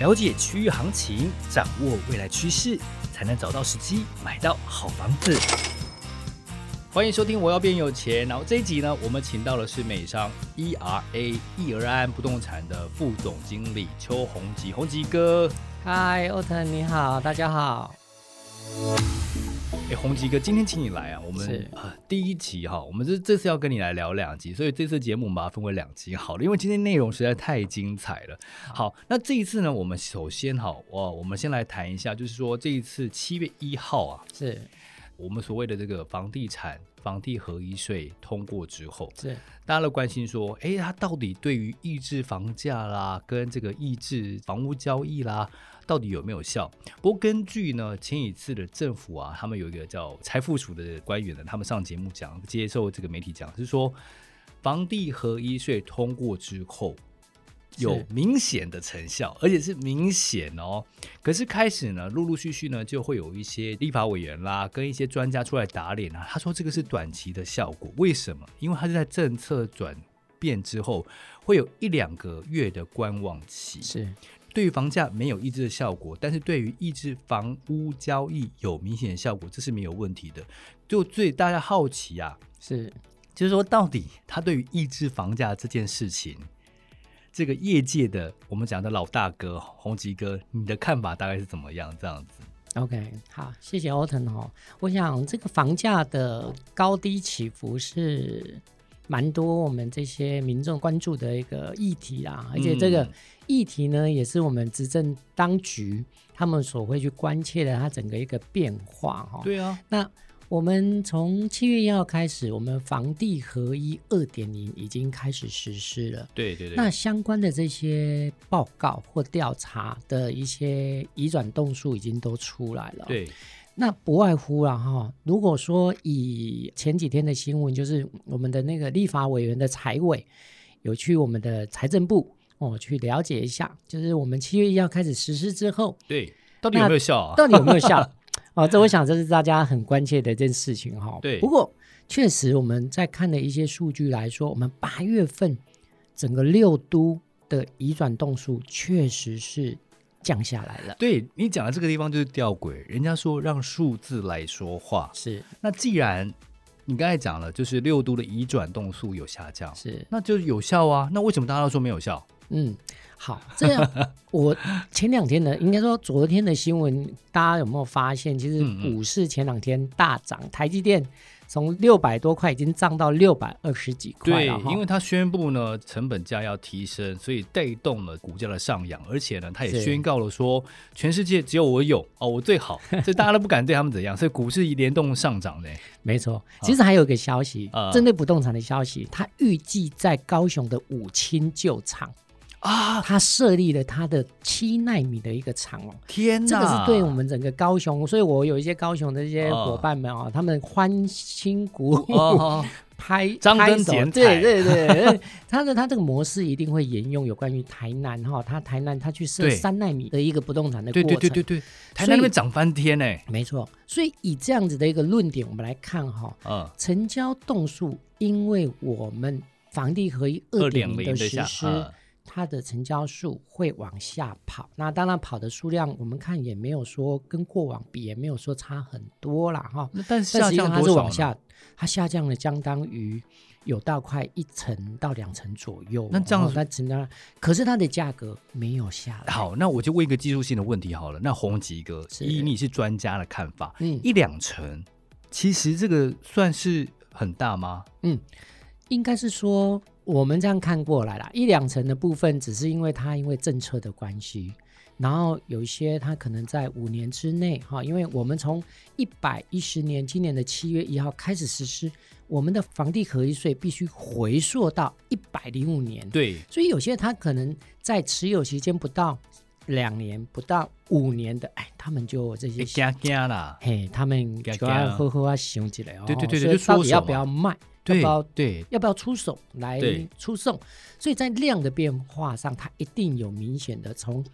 了解區域行情，掌握未來趨勢，才能找到時機買到好房子。歡迎收聽《我要變有錢》，然後這一集呢，我們請到的是美商 ERA 易、e、而安不動產的副總經理邱宏吉，宏吉哥。嗨，歐騰，你好，大家好。哎，宏吉哥，今天請你來啊，我們是第一集哈、哦，我們這這次要跟你來聊兩集，所以這次節目我們把它分為兩集好了，因為今天內容實在太精彩了。嗯、好，那這一次呢，我們首先哈，哇，我們先來談一下，就是說這一次七月一號啊，是我們所謂的這個房地產“房地合一”稅通過之後，是大家都關心說，哎，它到底對於抑制房價啦，跟這個抑制房屋交易啦。到底有沒有效？不過根據呢，前一次的政府啊，他們有一個叫財富署的官員呢，他們上節目講，接受這個媒體講是說，房地合一稅通過之後有明顯的成效，而且是明顯哦。可是開始呢，陸陸續續呢就會有一些立法委員啦，跟一些專家出來打臉啊。他說這個是短期的效果，為什麼？因為他是在政策轉變之後會有一兩個月的觀望期。是。對於房價沒有抑制的效果，但是對於抑制房屋交易有明顯的效果，這是沒有問題的。就最大家好奇啊，是就是說，到底他對於抑制房價這件事情，這個業界的我們講的老大哥宏吉哥，你的看法大概是怎麼樣？這樣子。OK，好，謝謝歐騰哦。我想這個房價的高低起伏是。蠻多我們這些民眾關注的一個議題啦，嗯，而且這個議題呢，也是我們執政當局他們所會去關切的，它整個一個變化哈，哦。對啊，那我們從七月一號開始，我們房地合一二點零已經開始實施了。對對對。那相關的這些報告或調查的一些移轉棟數已經都出來了。對。那不外乎啦哈。如果說以前幾天的新聞，就是我們的那個立法委員的財委有去我們的財政部，哦，去了解一下，就是我們七月一號開始實施之後，對，到底有沒有效，啊？到底有沒有效？哦、 啊，這我想這是大家很關切的一件事情哈。對，不過確實我們在看的一些數據來說，我們八月份整個六都的移轉棟數確實是。降下來了。對你講的這個地方就是弔詭，人家說讓數字來說話。是，那既然你剛才講了，就是六都的移轉棟數有下降，是，那就有效啊。那為什麼大家都說沒有效？嗯，好，這樣 我前兩天呢，應該說昨天的新聞，大家有沒有發現，其實股市前兩天大漲，台積電。嗯嗯從六百多塊已經漲到六百二十幾塊了對、哦，因為他宣布呢，成本價要提升，所以帶動了股價的上揚。而且呢，他也宣告了說全世界只有我有哦，我最好，所以大家都不敢對他們怎樣， 所以股市一連動上漲呢。沒錯，其實還有一個消息、啊，針對不動產的消息，他預計在高雄的五輕舊廠。啊、哦！他設立了他的七奈米的一個廠哦，天哪！這個是對我們整個高雄，所以我有一些高雄的這些夥伴們哦，哦他們歡欣鼓舞拍、哦哦，拍張燈結綵對對對，對對對。 他的他這個模式一定會沿用有關於台南哈、哦，他台南他去設三奈米的一個不動產的過程對，對，對對對對對，台南那邊漲翻天哎，沒錯。所以以這樣子的一個論點，我們來看哈、哦哦，成交棟數，因為我們房地合一二點零的實施。它的成交數會往下跑，那當然跑的數量我們看也沒有說跟過往比也沒有說差很多啦哈。那但是下降它是往下，它下降了相當於有到快一成到兩成左右。那這樣子它、哦、成交，可是它的價格沒有下來。好，那我就問一個技術性的問題好了。那宏吉哥，以你是專家的看法，嗯、一兩成，其實這個算是很大嗎？嗯，應該是說。我們這樣看過來了，一兩成的部分只是因為它因為政策的關係，然後有一些它可能在五年之內哈，因為我們從一百一十年今年的七月一號開始實施，我們的房地合一稅必須回溯到一百零五年。對，所以有些它可能在持有期間不到兩年、不到五年的，哎，他們就這些加加了，嘿，他們就要好好啊想起來，對對對對，所以到底要不要賣？對對對對要不要對，對要不要出手來出售？所以在量的變化上，它一定有明顯的從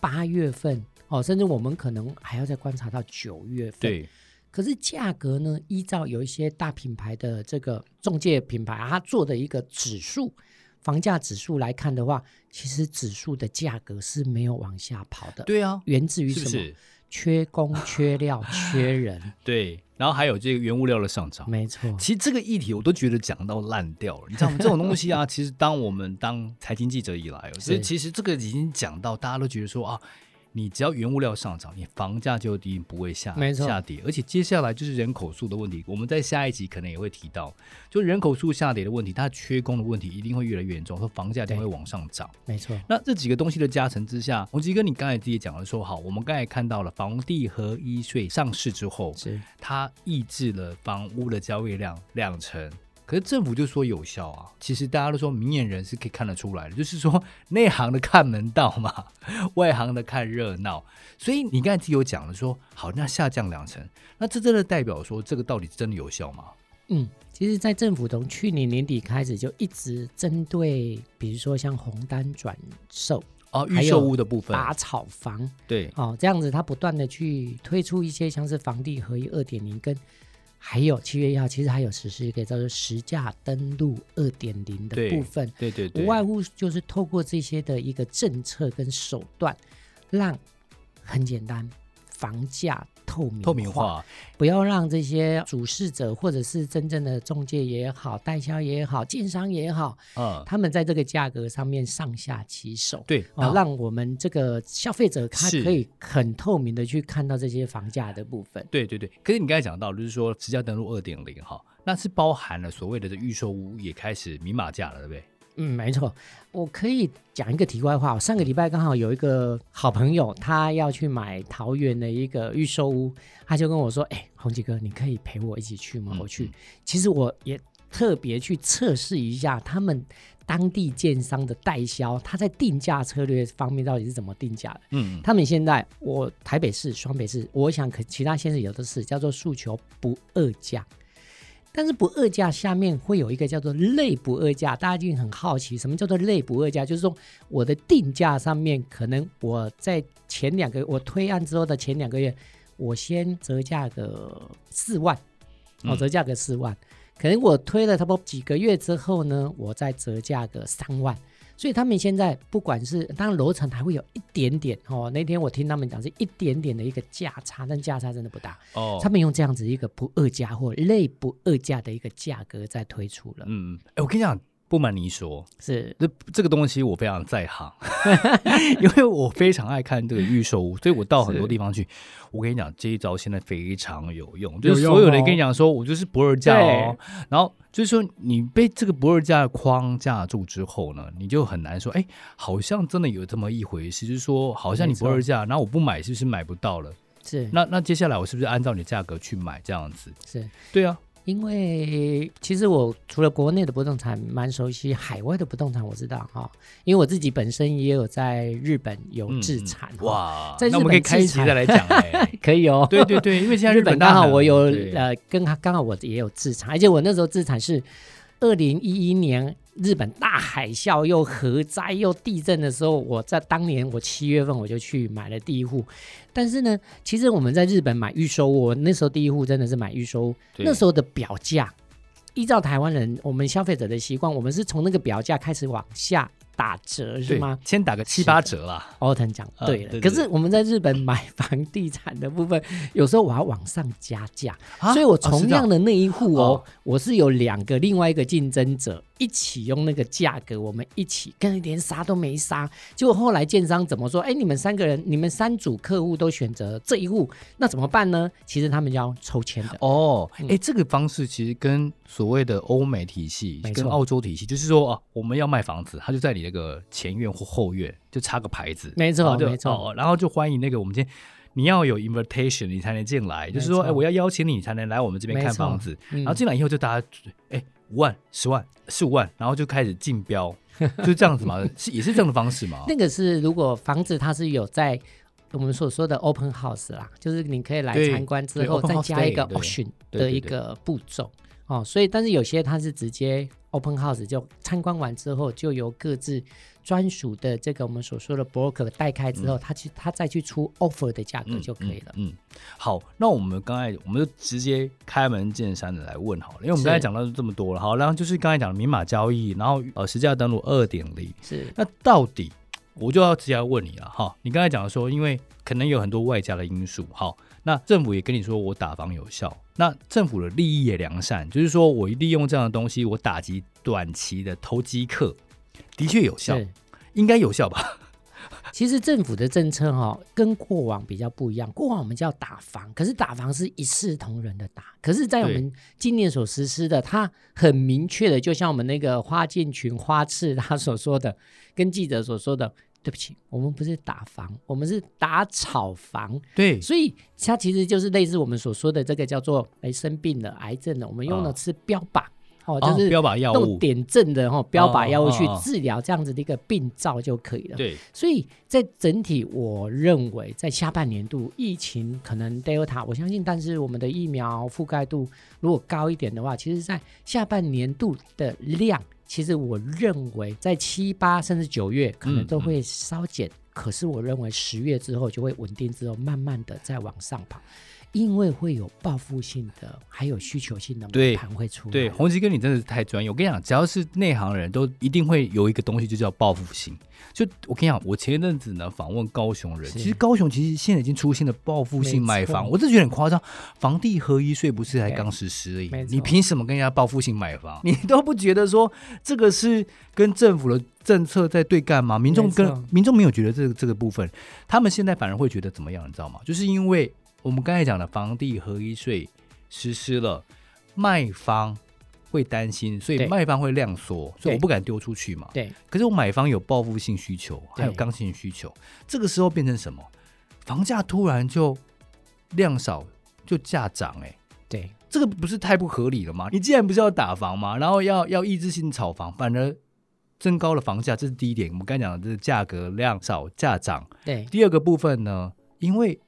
八月份哦，甚至我們可能還要再觀察到九月份。對，可是價格呢？依照有一些大品牌的這個仲介品牌，它做的一個指數房價指數來看的話，其實指數的價格是沒有往下跑的。對啊，源自於什麼？是缺工、缺料、缺人 對，然後還有這個原物料的上漲，沒錯。其實這個議題我都覺得講到爛掉了，你知道嗎？這種東西啊， 其實當我們當財經記者以來，是。所以其實這個已經講到大家都覺得說啊。你只要原物料上漲，你房價就一定不會下下跌，而且接下來就是人口數的問題，我們在下一集可能也會提到，就人口數下跌的問題，它缺工的問題一定會越來越嚴重，說房價一定會往上漲。沒錯，那這幾個東西的加成之下，宏吉哥，你剛才自己講了說，好，我們剛才看到了，房地合一稅上市之後是，它抑制了房屋的交易量兩成。可是政府就說有效啊，其實大家都說，明眼人是可以看得出來的，就是說內行的看門道嘛，外行的看熱鬧。所以你剛才自己有講了說，說好，那下降兩成，那這真的代表說這個到底真的有效嗎？嗯，其實，在政府從去年年底開始就一直針對，比如說像紅單轉售哦，預售屋的部分、打炒房，對，哦，這樣子，他不斷的去推出一些像是房地合一二點零跟。還有七月一號，其實還有實施一個叫做“實價登錄二點零”的部分，對對對，對，無外乎就是透過這些的一個政策跟手段讓很簡單，房價，透明，透明化，不要讓這些主事者或者是真正的仲介也好、代銷也好、建商也好，嗯，他們在這個價格上面上下其手，對，啊、哦，讓我們這個消費者他可以很透明的去看到這些房價的部分，對對對。可是你剛才講到，就是說實價登錄二點零哈，那是包含了所謂的這預售屋也開始明碼價了，對不對？嗯，沒錯，我可以講一個題外話。我上個禮拜剛好有一個好朋友，他要去買桃園的一個預售屋，他就跟我說：“哎、欸，宏吉哥，你可以陪我一起去嗎？我去。嗯”其實我也特別去測試一下他們當地建商的代銷，他在定價策略方面到底是怎麼定價的。嗯，他們現在，我台北市、雙北市，我想可其他縣市有的是叫做“訴求不二價”。但是不二價下面會有一個叫做類不二價，大家一定很好奇什麼叫做類不二價？就是說我的定價上面可能我在前兩個月，我推案之後的前兩個月，我先折價個四萬，哦，折價個四萬、嗯，可能我推了差不多幾個月之後呢，我再折價個三萬。所以他們現在不管是當然樓層還會有一點點哦，那天我聽他們講是一點點的一個價差，但價差真的不大哦。Oh. 他們用這樣子一個不二價或類不二價的一個價格在推出了。嗯，哎、欸，我跟你講。不瞞你說，是這這個東西我非常在行， 因為我非常愛看這個預售屋，所以我到很多地方去。我跟你講，這一招現在非常有用，就是所有人跟你講說，哦、我就是不二價哦。然後就是說，你被這個不二價的框架住之後呢，你就很難說，哎，好像真的有這麼一回事，就是說，好像你不二價，那我不買是不是買不到了？是。那那接下來我是不是按照你的價格去買這樣子？是。對啊。因為其實我除了國內的不動產蠻熟悉，海外的不動產我知道哈，因為我自己本身也有在日本有置產、嗯。哇，那我們可以開啟再來講 可以哦。對對對，因為現在日本，日本剛好我有呃，跟剛好我也有置產，而且我那時候置產是。二零一一年日本大海嘯又核災又地震的時候，我在當年我七月份我就去買了第一戶，但是呢，其實我們在日本買預售，我那時候第一戶真的是買預售，那時候的表價，依照台灣人我們消費者的習慣，我們是從那個表價開始往下。打折是嗎？先打個七八折啦。奧騰講對了、呃對對對，可是我們在日本買房地產的部分，有時候我要往上加價，所以我同樣的那一戶、喔、哦，哦，我是有兩個另外一個競爭者。一起用那個價格，我們一起跟連殺都沒殺，結果後來建商怎麼說？哎、欸，你們三個人，你們三組客戶都選擇這一戶，那怎麼辦呢？其實他們要抽籤的。哦，哎、欸，這個方式其實跟所謂的歐美體系、嗯、跟澳洲體系，就是說啊，我們要賣房子，他就在你那個前院或後院就插個牌子，沒錯，沒錯、哦。然後就歡迎那個我們今天你要有 invitation，你才能進來，就是說，哎、欸，我要邀請你，你才能來我們這邊看房子，嗯、然後進來以後就大家哎。欸五萬、十萬、十五萬，然後就開始競標，就這樣子嘛， 是也是這樣的方式嘛。 那個是如果房子它是有在我們所說的 open house 啦，就是你可以來參觀之後再加一個 auction 的一個步驟，對對對哦。所以但是有些它是直接 open house 就參觀完之後就由各自。專屬的這個我們所說的 broker 代開之後，嗯、他去他再去出 offer 的價格就可以了。嗯，嗯嗯好，那我們剛才我們就直接開門見山的來問好了，因為我們剛才講到這麼多了，好，然後就是剛才講的明碼交易，然後呃實價登錄二點零是，那到底我就要直接來問你了哈，你剛才講的說，因為可能有很多外加的因素，好，那政府也跟你說我打房有效，那政府的立意也良善，就是說我利用這樣的東西，我打擊短期的投機客。的確有效，哦、應該有效吧？其實政府的政策哈、哦，跟過往比較不一樣。過往我們叫打房，可是打房是一視同仁的打。可是，在我們今年所實施的，它很明確的，就像我們那個花建群、花次他所說的，跟記者所說的，對不起，我們不是打房，我們是打炒房。對，所以它其實就是類似我們所說的這個叫做，誒、欸，生病了、癌症了，我們用的是標靶。哦哦，就是、哦、標靶藥物、點陣的哈、哦，標靶藥物去治療這樣子的一個病灶就可以了。對、哦哦哦，所以在整體，我認為在下半年度疫情可能 Delta，我相信，但是我們的疫苗覆蓋度如果高一點的話，其實在下半年度的量，其實我認為在七八甚至九月可能都會稍減、嗯，可是我認為十月之後就會穩定之後，慢慢的再往上跑。因為會有報復性的，還有需求性的樓盤會出來。對，宏吉哥，你真的是太專業。我跟你講，只要是內行人都一定會有一個東西，就叫報復性。就我跟你講，我前一陣子呢訪問高雄人，其實高雄其實現在已經出現了報復性買房，我真的覺得很誇張。房地合一稅不是才剛實施而已？你憑什麼跟人家報復性買房？你都不覺得說這個是跟政府的政策在對幹嗎？民眾跟民眾沒有覺得這個這個部分，他們現在反而會覺得怎麼樣？你知道嗎？就是因為。我們剛才講的房地合一稅實施了，賣方會擔心，所以賣方會量縮，所以我不敢丟出去嘛對。對，可是我買方有報復性需求，還有剛性需求，這個時候變成什麼？房價突然就量少就價漲，哎，對，這個不是太不合理了嗎？你既然不是要打房嘛，然後要要抑制性炒房，反而增高了房價，這是第一點。我們剛才講的這是價格量少價漲。對，第二個部分呢，因為。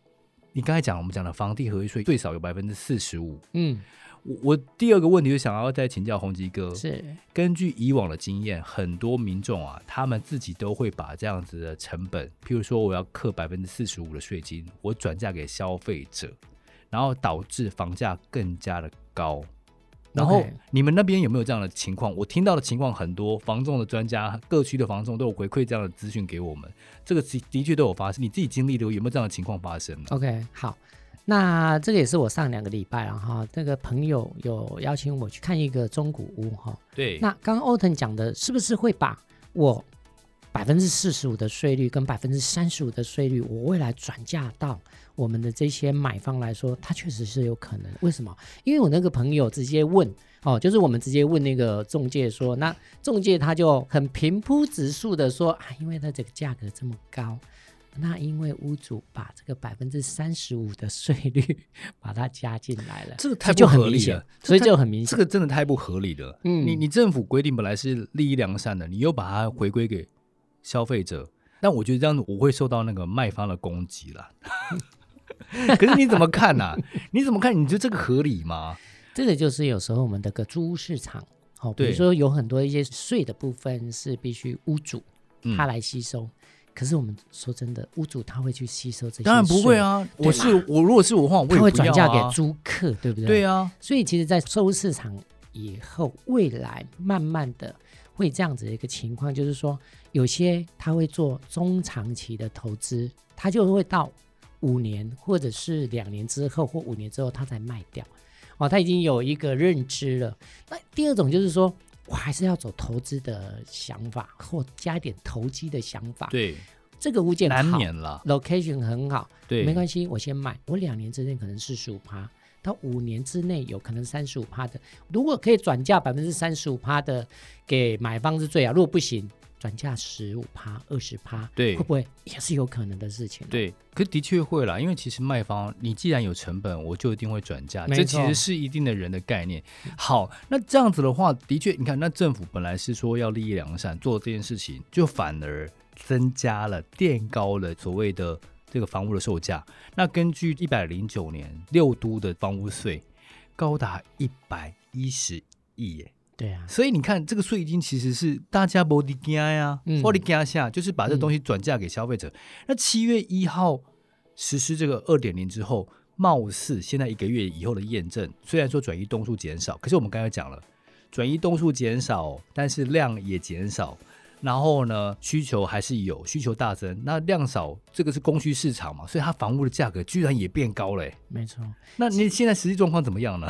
你剛才講我們講的房地合一稅最少有百分之四十五。嗯，我我第二個問題就想要再請教宏吉哥，是根據以往的經驗，很多民眾啊，他們自己都會把這樣子的成本，譬如說我要扣百分之四十五的稅金，我轉嫁給消費者，然後導致房價更加的高。然後你們那邊有沒有這樣的情況？Okay, 我聽到的情況很多，房仲的專家各區的房仲都有回饋這樣的資訊給我們，這個的確都有發生。你自己經歷的有沒有這樣的情況發生呢？OK，好，那這個也是我上兩個禮拜，然後這個朋友有邀請我去看一個中古屋哈。對、哦，那剛剛歐騰講的是不是會把我百分之四十五的稅率跟百分之三十五的稅率，我未來轉嫁到？我們的這些買方來說，他確實是有可能。為什麼？因為我那個朋友直接問哦，就是我們直接問那個中介說，那中介他就很平鋪直敘的說，啊，因為他這個價格這麼高，那因為屋主把這個百分之三十五的稅率把它加進來了，這個太不合理了，所以就很明顯，這顯、這個真的太不合理了。嗯，你你政府規定本來是立意良善的，你又把它回歸給消費者，但我覺得這樣子我會受到那個賣方的攻擊了。 可是你怎麼看呢、啊？ 你怎麼看？你覺得這個合理嗎？這個就是有時候我們的個租屋市場，好、哦，比如說有很多一些稅的部分是必須屋主他來吸收。嗯、可是我們說真的，屋主他會去吸收這些稅？當然不會啊！我是我，如果是我話我、啊，我會轉嫁給租客，對不對？對啊。所以其實，在收市場以後，未來慢慢的會這樣子一個情況，就是說有些他會做中長期的投資，他就會到。五年或者是兩年之後，或五年之後他才賣掉，哦，他已經有一個認知了。那第二種就是說我還是要走投資的想法，或加一點投機的想法。對，這個物件很好，location 很好，對，沒關係，我先買。我兩年之內可能是四十五趴，到五年之內有可能三十五趴的。如果可以轉嫁百分之三十五趴的給買方是最好，如果不行，轉嫁十五趴、二十趴，對，會不會也是有可能的事情？對，可是的確會啦，因為其實賣方你既然有成本，我就一定會轉嫁，這其實是一定的人的概念。好，那這樣子的話，的確，你看，那政府本來是說要立意良善做這件事情，就反而增加了，墊高了所謂的這個房屋的售價。那根據一百零九年六都的房屋稅高達一百一十億耶。對啊，所以你看，這個稅金其實是大家 body 呀，body 下，就是把這東西轉嫁給消費者。嗯、那七月一號實施這個二點零之後，貌似現在一個月以後的驗證，雖然說轉移棟數減少，可是我們剛才講了，轉移棟數減少，但是量也減少。然後呢，需求還是有需求大增，那量少，這個是供需市場嘛，所以它房屋的價格居然也變高了。沒錯，那你現在實際狀況怎麼樣呢？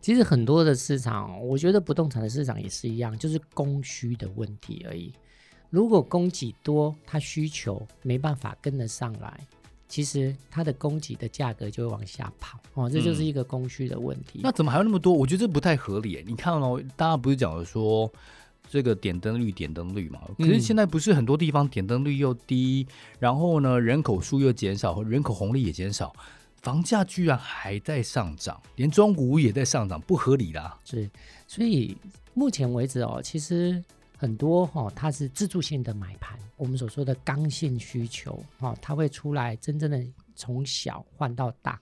其實很多的市場，我覺得不動產的市場也是一樣，就是供需的問題而已。如果供給多，它需求沒辦法跟得上來，其實它的供給的價格就會往下跑。哦，這就是一個供需的問題。嗯。那怎麼還有那麼多？我覺得這不太合理。你看哦，大家不是講的說。這個點燈率，點燈率嘛，可是現在不是很多地方點燈率又低，嗯，然後呢，人口數又減少，人口紅利也減少，房價居然還在上漲，連中古也在上漲，不合理啦。是，所以目前為止哦，其實很多哈、哦，它是自住性的買盤，我們所說的剛性需求哈、哦，它會出來真正的從小換到大。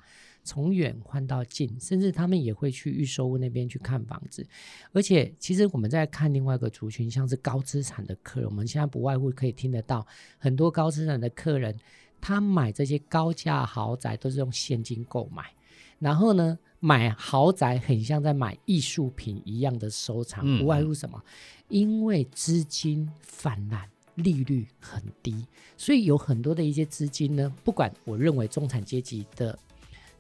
從遠換到近，甚至他們也會去預售屋那邊去看房子。而且，其實我們在看另外一個族群，像是高資產的客人，我們現在不外乎可以聽得到很多高資產的客人，他買這些高價豪宅都是用現金購買。然後呢，買豪宅很像在買藝術品一樣的收藏，不外乎什麼嗯嗯？因為資金泛濫，利率很低，所以有很多的一些資金呢，不管我認為中產階級的。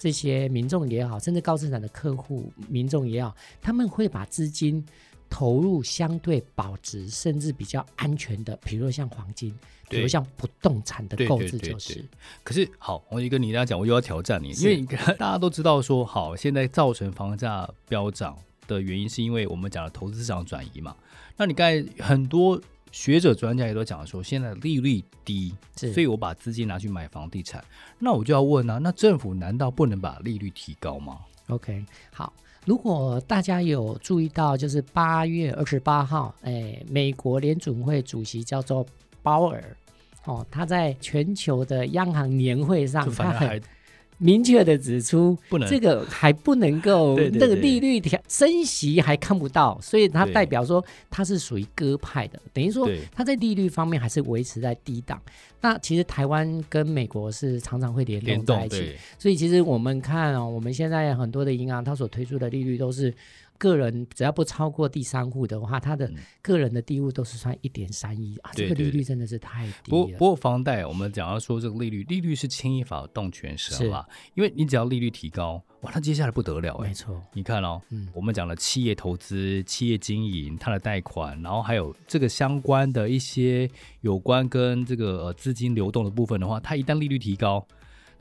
這些民眾也好，甚至高資產的客戶、民眾也好，他們會把資金投入相對保值甚至比較安全的，比如說像黃金，比如像不動產的購置，就是對對對對。可是，好，我就跟你大家講，我又要挑戰你，因為大家都知道說，好，現在造成房價飆漲的原因，是因為我們講了投資市場轉移嘛。那你剛才很多。學者專家也都講說，現在利率低，所以我把資金拿去買房地產。那我就要問啊，那政府難道不能把利率提高嗎？OK，好，如果大家有注意到，就是八月二十八號，哎，美國聯準會主席叫做鮑爾，哦，他在全球的央行年會上，他很明確的指出不能，這個還不能夠， 那個利率調升息還看不到，所以它代表說它是屬於鴿派的，等於說它在利率方面還是維持在低檔。那其實台灣跟美國是常常會聯動在一起，所以其實我們看啊、哦，我們現在很多的銀行它所推出的利率都是。個人只要不超過第三戶的話，他的個人的地位都是算一點三一啊，這個利率真的是太低了。對對對不過，不過房貸我們講要說這個利率，利率是牽一髮動全身嘛，因為你只要利率提高，哇，那接下來不得了哎。沒錯，你看哦，嗯、我們講了企業投資、企業經營它的貸款，然後還有這個相關的一些有關跟這個、呃、資金流動的部分的話，它一旦利率提高。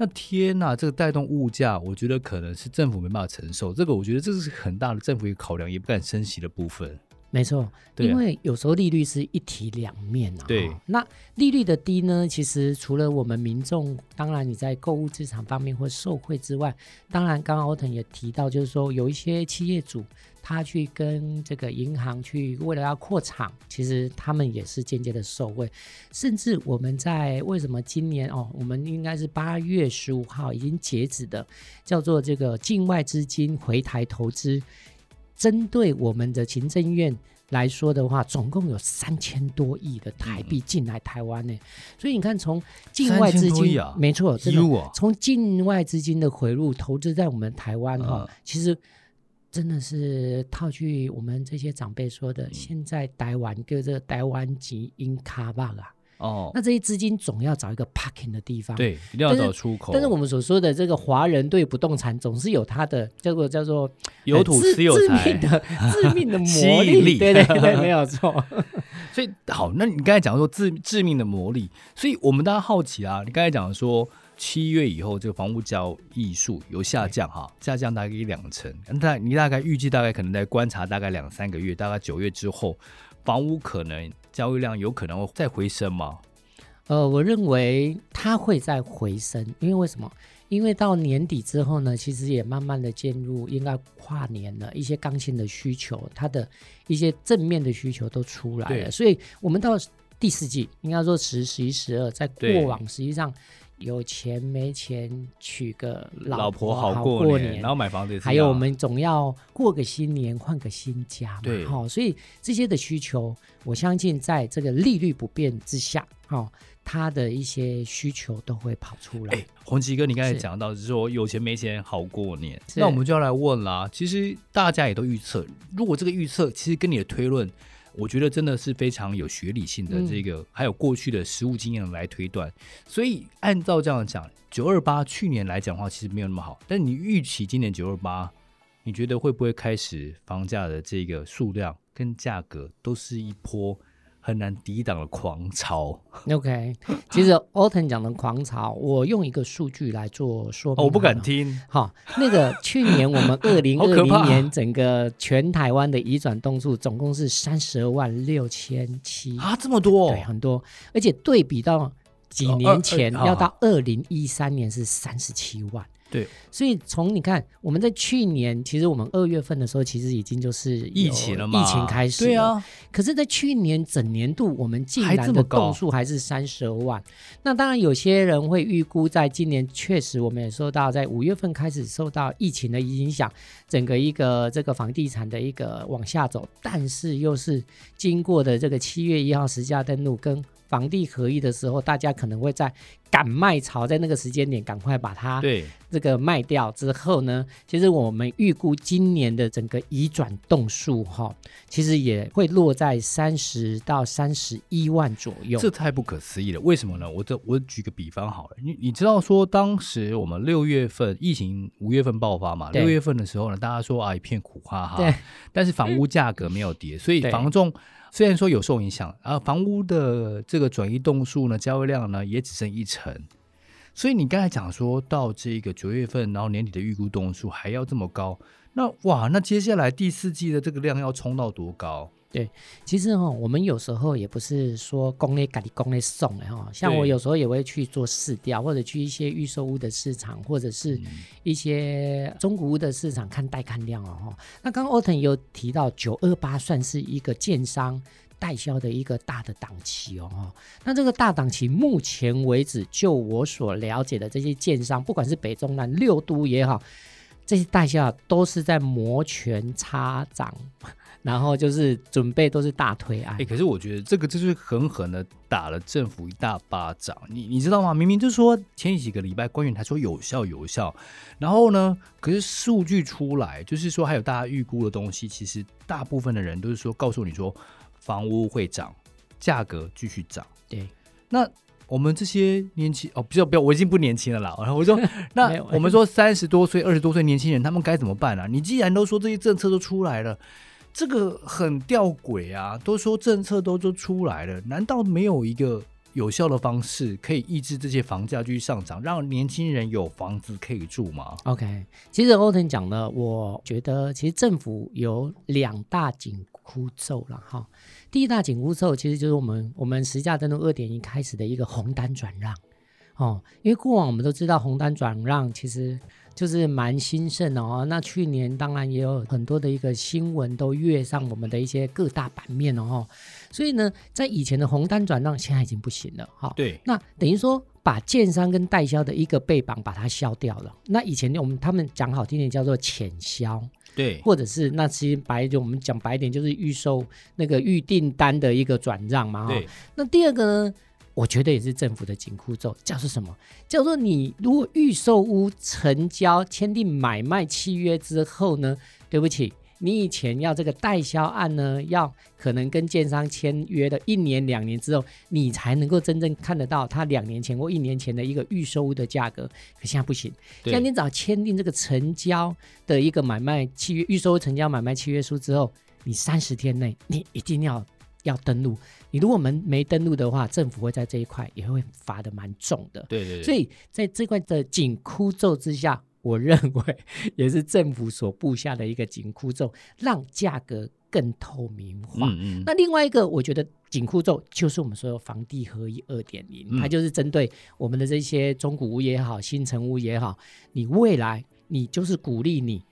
那天吶，這個帶動物價，我覺得可能是政府沒辦法承受。這個，我覺得這是很大的政府一個考量，也不敢升息的部分。沒錯，因為有時候利率是一體兩面、啊、對、哦。那利率的低呢，其實除了我們民眾，當然你在購物資產方面會受惠之外，當然剛剛奧騰也提到，就是說有一些企業主他去跟這個銀行去，為了要擴廠，其實他們也是間接的受惠。甚至我們在為什麼今年哦，我們應該是八月十五號已經截止的，叫做這個境外資金回台投資。針對我們的行政院來說的話，總共有三千多億的台幣進來台灣呢，嗯，所以你看，從境外資金，啊，沒錯，流入從境外資金的回入投資在我們台灣哈，哦呃，其實真的是套句我們這些長輩說的，嗯，現在台灣就是這個台灣級英卡巴了。哦，那這些資金總要找一個 parking 的地方，對，一定要找出口但，但是我們所說的這個華人對不動產總是有他的叫做叫做有土斯有財的致命的魔力， 力，對對對， 沒有錯。所以好，那你剛才講說致致命的魔力，所以我們大家好奇啊，你剛才講說七月以後這個房屋交易數有下降哈，下降大概一兩成，那你大概預計大概可能在觀察大概兩三個月，大概九月之後房屋可能。交易量有可能會再回升嗎？呃，我認為它會再回升，因為為什麼？因為到年底之後呢，其實也慢慢的進入應該跨年了，一些剛性的需求，它的一些正面的需求都出來了。所以，我們到第四季，應該說十十一十二，在過往實際上有錢沒錢娶個老婆，老婆好過年，好過年，然後買房子這，還有我們總要過個新年，換個新家嘛，對，所以這些的需求。我相信，在這個利率不變之下，哈，它的一些需求都會跑出來。誒，宏吉哥，你剛才講到，就是說有錢沒錢好過年，那我們就要來問啦。其實大家也都預測，如果這個預測其實跟你的推論，我覺得真的是非常有學理性的。這個還有過去的實務經驗來推斷、嗯，所以按照這樣講，九二八去年來講的話，其實沒有那麼好。但你預期今年九二八，你覺得會不會開始房價的這個數量？跟價格都是一波很難抵擋的狂潮。OK，其實 Autumn 講的狂潮，我用一個數據來做說明。我不敢聽哈，那個去年我們二零二零年整個全台灣的移轉動數總共是三十二萬六千七 啊，這麼多？對，很多，而且對比到幾年前，要到二零一三年是三十七萬。對，所以從你看，我們在去年，其實我們二月份的時候，其實已經就是疫情了嘛。疫情開始對啊。可是，在去年整年度，我們竟然的棟數還是三十二萬。那當然，有些人會預估，在今年確實我們也受到在五月份開始受到疫情的影響，整個一個這個房地產的一個往下走。但是，又是經過的這個七月一號實價登錄跟。房地合一的時候，大家可能會在趕賣潮，在那個時間點趕快把它對這個賣掉之後呢，其實我們預估今年的整個移轉棟數哈，其實也會落在三十到三十一萬左右。這太不可思議了，為什麼呢？我這我舉個比方好了，你你知道說當時我們六月份疫情五月份爆發嘛，六月份的時候呢，大家說啊一片苦哈哈對，但是房屋價格沒有跌，嗯、所以房仲。雖然說有受影響，啊，房屋的這個轉移棟數呢，交易量呢也只剩一成。所以你剛才講說到這個九月份，然後年底的預估棟數還要這麼高，那哇，那接下來第四季的這個量要衝到多高？對，其實哈、哦，我們有時候也不是說供內搞的供送，然後像我有時候也會去做市調，或者去一些預售屋的市場，或者是一些中古屋的市場看帶看量哦。嗯、那剛剛歐騰有提到九二八算是一個建商代銷的一個大的檔期哦。那這個大檔期目前為止，就我所了解的這些建商，不管是北中南六都也好，這些代銷都是在摩拳擦掌。然後就是準備都是大推案啊，哎、欸，可是我覺得這個就是狠狠的打了政府一大巴掌。你你知道嗎？明明就是說前幾個禮拜官員他說有效有效，然後呢，可是數據出來就是說還有大家預估的東西，其實大部分的人都是說告訴你說房屋會漲，價格繼續漲。對。那我們這些年輕哦，不要不要，我已經不年輕了啦。然後我說，那我們說三十多歲、二十多歲年輕人他們該怎麼辦啊？你既然都說這些政策都出來了。這個很吊詭啊！都說政策都都出來了，難道沒有一個有效的方式可以抑制這些房價繼續上漲，讓年輕人有房子可以住嗎？OK，其實歐騰講呢，我覺得其實政府有兩大緊箍咒了哈。第一大緊箍咒其實就是我們我們實價登錄二點零開始的一個紅單轉讓哦，因為過往我們都知道紅單轉讓其實。就是蠻興盛的、哦、那去年當然也有很多的一個新聞都躍上我們的一些各大版面了，哦、哈，所以呢，在以前的紅單轉讓現在已經不行了哈，哦。對。那等於說把建商跟代銷的一個背綁把它消掉了，那以前我們他們講好聽點叫做潛銷，對，或者是那其實白就我們講白一點就是預售那個預訂單的一個轉讓嘛哈，哦。對。那第二個呢？我覺得也是政府的緊箍咒，叫做什麼？叫做你如果預售屋成交、簽訂買賣契約之後呢，對不起，你以前要這個代銷案呢，要可能跟建商簽約的一年、兩年之後，你才能夠真正看得到它兩年前或一年前的一個預售屋的價格。可現在不行，現在你只要簽訂這個成交的一個買賣契約、預售屋成交買賣契約書之後，你三十天內，你一定要要登錄。你如果我們沒登錄的話，政府會在這一塊也會罰的蠻重的。對對對。所以在這塊的緊箍咒之下，我認為也是政府所布下的一個緊箍咒，讓價格更透明化。嗯，嗯。那另外一個，我覺得緊箍咒就是我們說的房地合一二點零，它就是針對我們的這些中古屋也好、新城屋也好，你未來你就是鼓勵你。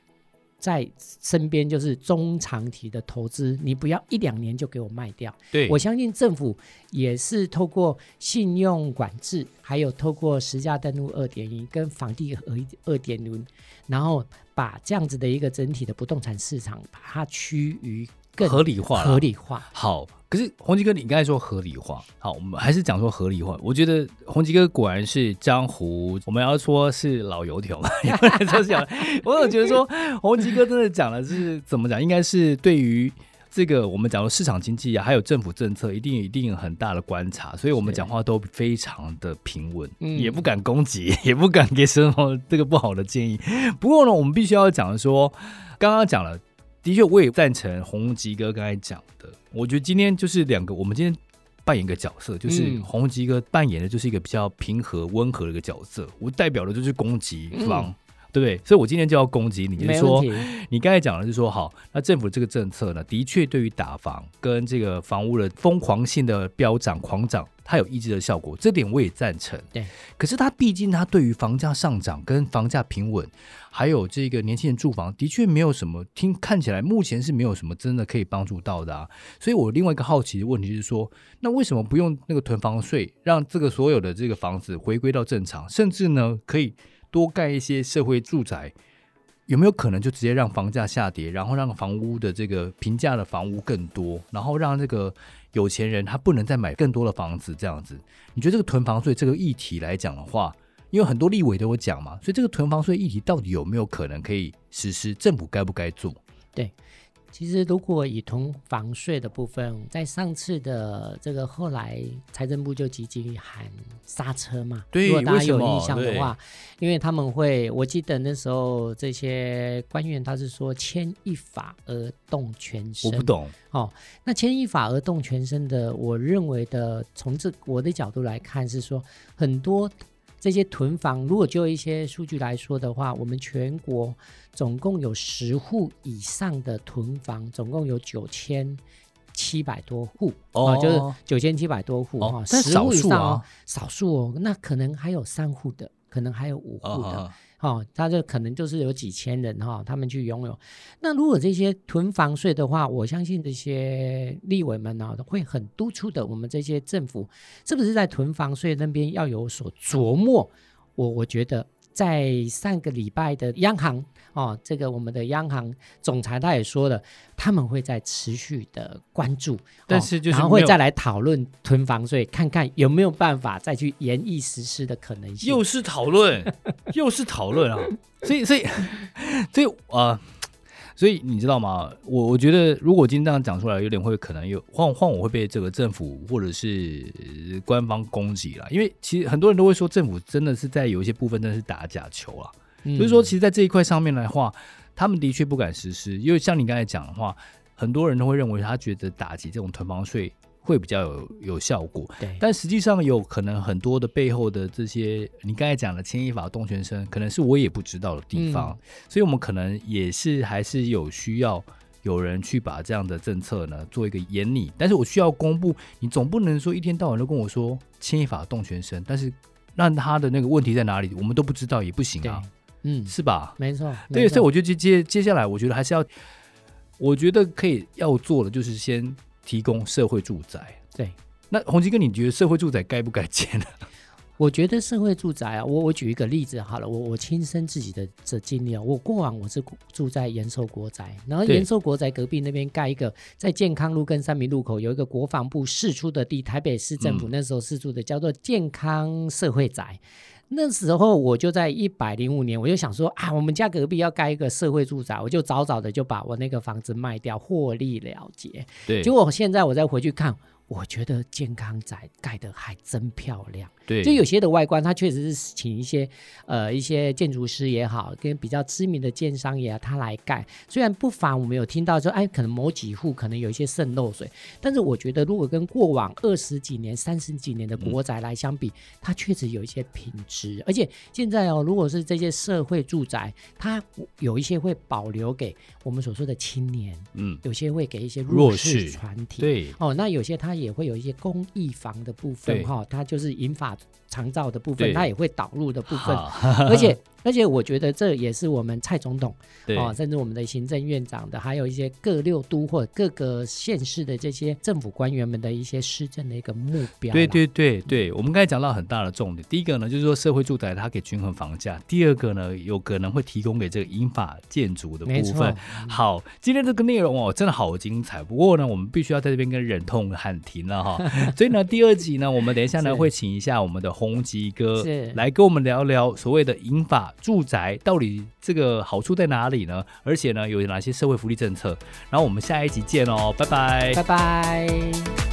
在身邊就是中長期的投資，你不要一兩年就給我賣掉。對，我相信政府也是透過信用管制，還有透過實價登錄二點一跟房地二點零，然後把這樣子的一個整體的不動產市場把它趨於。合理化，合理化。好，可是宏吉哥，你剛才說合理化，好，我們還是講說合理化。我覺得宏吉哥果然是江湖，我們要說是老油條嘛。講， 我總覺得說宏吉哥真的講的是怎麼講，應該是對於這個我們講的市場經濟啊，還有政府政策，一定一定有很大的觀察，所以我們講話都非常的平穩，也不敢攻擊，也不敢給什麼這個不好的建議。不過呢，我們必須要講說，剛剛講了。的確，我也贊成宏吉哥剛才講的。我覺得今天就是兩個，我們今天扮演一個角色，就是宏吉哥扮演的就是一個比較平和、溫和的一個角色。我代表的就是攻擊方、嗯，對不對？所以我今天就要攻擊你就是。就說你剛才講的就說好，那政府這個政策呢，的確對於打房跟這個房屋的瘋狂性的飆漲、狂漲，它有抑制的效果，這點我也贊成。對，可是它畢竟它對於房價上漲跟房價平穩。還有這個年輕人住房的確沒有什麼聽，看起來目前是沒有什麼真的可以幫助到的啊，所以我另外一個好奇的問題是說，那為什麼不用那個囤房稅，讓這個所有的這個房子回歸到正常，甚至呢可以多蓋一些社會住宅？有沒有可能就直接讓房價下跌，然後讓房屋的這個平價的房屋更多，然後讓這個有錢人他不能再買更多的房子這樣子？你覺得這個囤房稅這個議題來講的話？因為很多立委都有講嘛，所以這個囤房稅議題到底有沒有可能可以實施？政府該不該做？對，其實如果以囤房稅的部分，在上次的這個後來，財政部就積極喊剎車嘛。對，如果大家有印象的話，因為他們會，我記得那時候這些官員他是說“牽一髮而動全身”。我不懂哦。那“牽一髮而動全身”的，我認為的從這我的角度來看是說很多。這些囤房，如果就一些數據來說的話，我們全國總共有十戶以上的囤房，總共有九千七百多戶哦，哦，就是九千七百多戶哦，哦，但少數啊，但少數哦，少數哦，那可能還有三戶的，可能還有五戶的。哦，好好。哦，他這可能就是有幾千人哈、哦，他們去擁有。那如果這些囤房稅的話，我相信這些立委們呢、啊、會很督促的，我們這些政府是不是在囤房稅那邊要有所琢磨？我我覺得。在上個禮拜的央行哦，這個我們的央行總裁他也說了，他們會在持續的關注，但是就是會再來討論囤房稅，看看有沒有辦法再去研議實施的可能性。又是討論，又是討論啊！ 所以，所以，所以，啊。呃所以你知道嗎？我我覺得如果今天這樣講出來，有點會可能有換換，我會被這個政府或者是官方攻擊啦。因為其實很多人都會說，政府真的是在有一些部分，真的是打假球啦。所、嗯、以、就是、說，其實，在這一塊上面的話，他們的確不敢實施，因為像你剛才講的話，很多人都會認為他覺得打擊這種囤房稅。會比較有有效果，對，但實際上有可能很多的背後的這些，你剛才講的“牽一髮動全身”，可能是我也不知道的地方，嗯，所以我們可能也是還是有需要有人去把這樣的政策呢做一個研擬。但是我需要公布，你總不能說一天到晚都跟我說“牽一髮動全身”，但是讓他的那個問題在哪裡，我們都不知道也不行啊，嗯，是吧？沒沒錯，對，所以我覺得接接下來，我覺得還是要，我覺得可以要做的就是先。提供社會住宅，對。那宏吉哥，你覺得社會住宅該不該建呢？我覺得社會住宅啊，我我舉一個例子好了，我我親身自己的這經歷啊，我過往我是住在延壽國宅，然後延壽國宅隔壁那邊蓋一個，在健康路跟三民路口有一個國防部釋出的地，台北市政府那時候釋出的、嗯、叫做健康社會宅。那時候我就在一百零五年，我就想說啊，我們家隔壁要蓋一個社會住宅，我就早早的就把我那個房子賣掉，獲利了結。對，結果現在我再回去看。我覺得健康宅蓋得還真漂亮，對，就有些的外觀，它確實是請一些呃一些建築師也好，跟比較知名的建商也好，他來蓋。雖然不乏，我們有聽到說，哎，可能某幾戶可能有一些滲漏水，但是我覺得如果跟過往二十幾年、三十幾年的國宅來相比，它、嗯、確實有一些品質。而且現在哦，如果是這些社會住宅，它有一些會保留給我們所說的青年，嗯，有些會給一些弱勢團體弱勢，對，哦，那有些它。也會有一些公益房的部分，哈，它就是引發，長照的部分，它也會導入的部分，而且而且， 而且我覺得這也是我們蔡總統、哦、甚至我們的行政院長的，還有一些各六都或各個縣市的這些政府官員們的一些施政的一個目標。對對對對、嗯，我們剛才講到很大的重點，第一個呢就是說社會住宅它可以均衡房價，第二個呢有可能會提供給這個營法建築的部分。好，今天這個內容哦，真的好精彩。不過呢，我們必須要在這邊跟忍痛喊停了哈。 所以呢，第二集呢，我們等一下呢會請一下我們的。宏吉哥是來跟我們聊聊所謂的銀髮住宅到底這個好處在哪裡呢？而且呢，有哪些社會福利政策？然後我們下一集見哦，拜拜，拜拜。